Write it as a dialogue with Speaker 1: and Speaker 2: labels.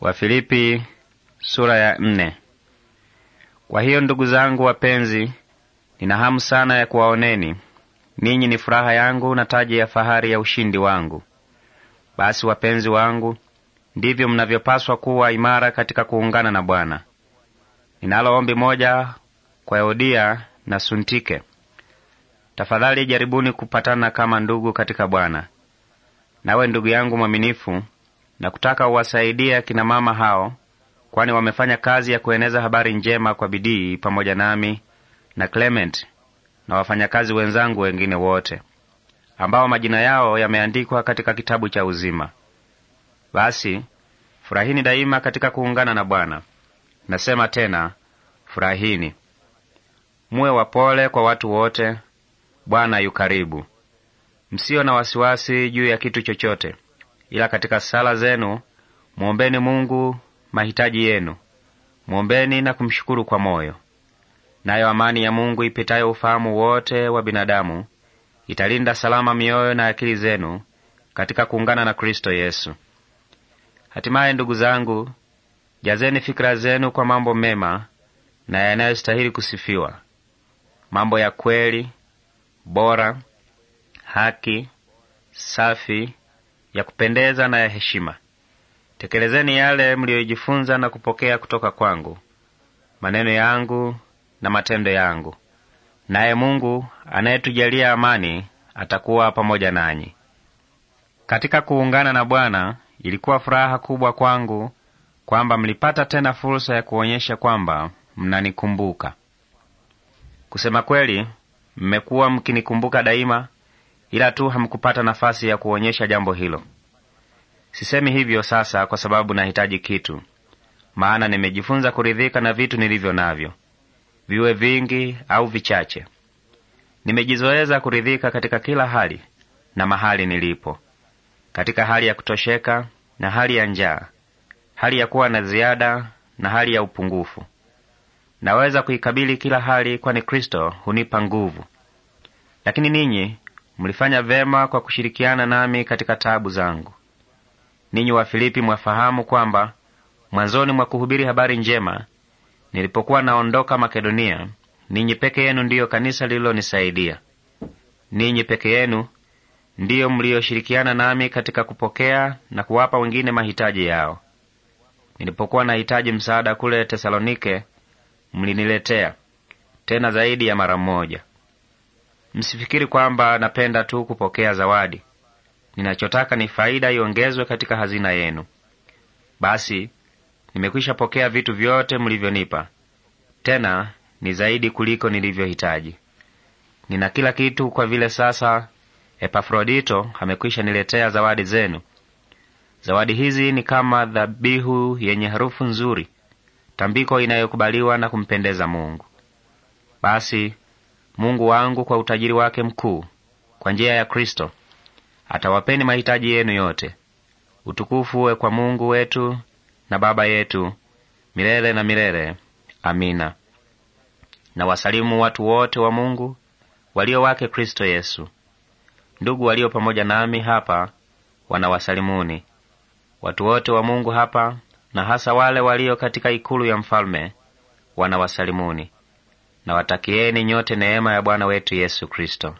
Speaker 1: Wafilipi sura ya nne. Kwa hiyo ndugu zangu wapenzi, nina hamu sana ya kuwaoneni ninyi. Ni furaha yangu na taji ya fahari ya ushindi wangu. Basi wapenzi wangu, ndivyo mnavyopaswa kuwa imara katika kuungana na Bwana. Ninalo ombi moja kwa Eudia na Suntike. Tafadhali jaribuni kupatana kama ndugu katika Bwana. Nawe ndugu yangu mwaminifu na kutaka uwasaidia kina mama hao, kwani wamefanya kazi ya kueneza habari njema kwa bidii pamoja nami na Clement na wafanyakazi wenzangu wengine wote ambao majina yao yameandikwa katika kitabu cha uzima. Basi furahini daima katika kuungana na Bwana. Nasema tena furahini. Muwe wapole kwa watu wote. Bwana yu karibu. Msiyo na wasiwasi juu ya kitu chochote ila katika sala zenu mwombeni Mungu mahitaji yenu, mwombeni na kumshukuru kwa moyo. Nayo amani ya Mungu ipitayo ufahamu wote wa binadamu italinda salama mioyo na akili zenu katika kuungana na Kristo Yesu. Hatimaye, ndugu zangu, jazeni fikira zenu kwa mambo mema na yanayostahili kusifiwa, mambo ya kweli, bora, haki, safi ya kupendeza na ya heshima. Tekelezeni yale mliyojifunza na kupokea kutoka kwangu, maneno yangu na matendo yangu, naye Mungu anayetujalia amani atakuwa pamoja nanyi. Katika kuungana na Bwana ilikuwa furaha kubwa kwangu kwamba mlipata tena fursa ya kuonyesha kwamba mnanikumbuka. Kusema kweli, mmekuwa mkinikumbuka daima ila tu hamkupata nafasi ya kuonyesha jambo hilo. Sisemi hivyo sasa kwa sababu nahitaji kitu, maana nimejifunza kuridhika na vitu nilivyo navyo, viwe vingi au vichache. Nimejizoeza kuridhika katika kila hali na mahali nilipo, katika hali ya kutosheka na hali ya njaa, hali ya kuwa na ziada na hali ya upungufu. Naweza kuikabili kila hali, kwani Kristo hunipa nguvu. Lakini ninyi Mlifanya vema kwa kushirikiana nami katika tabu zangu. Ninyi Wafilipi mwafahamu kwamba mwanzoni mwa kuhubiri habari njema, nilipokuwa naondoka Makedonia, ninyi peke yenu ndiyo kanisa lililonisaidia. Ninyi peke yenu ndiyo mliyoshirikiana nami katika kupokea na kuwapa wengine mahitaji yao. Nilipokuwa nahitaji msaada kule Tesalonike, mliniletea tena zaidi ya mara moja. Msifikiri kwamba napenda tu kupokea zawadi. Ninachotaka ni faida iongezwe katika hazina yenu. Basi nimekwisha pokea vitu vyote mlivyonipa, tena ni zaidi kuliko nilivyohitaji. Nina kila kitu, kwa vile sasa Epafrodito amekwisha niletea zawadi zenu. Zawadi hizi ni kama dhabihu yenye harufu nzuri, tambiko inayokubaliwa na kumpendeza Mungu. Basi Mungu wangu kwa utajiri wake mkuu kwa njia ya Kristo atawapeni mahitaji yenu yote. Utukufu uwe kwa Mungu wetu na Baba yetu milele na milele. Amina. Na wasalimu watu wote wa Mungu walio wake Kristo Yesu. Ndugu walio pamoja nami hapa wanawasalimuni. Watu wote wa Mungu hapa na hasa wale walio katika ikulu ya mfalme wanawasalimuni na watakieni nyote neema ya Bwana wetu Yesu Kristo.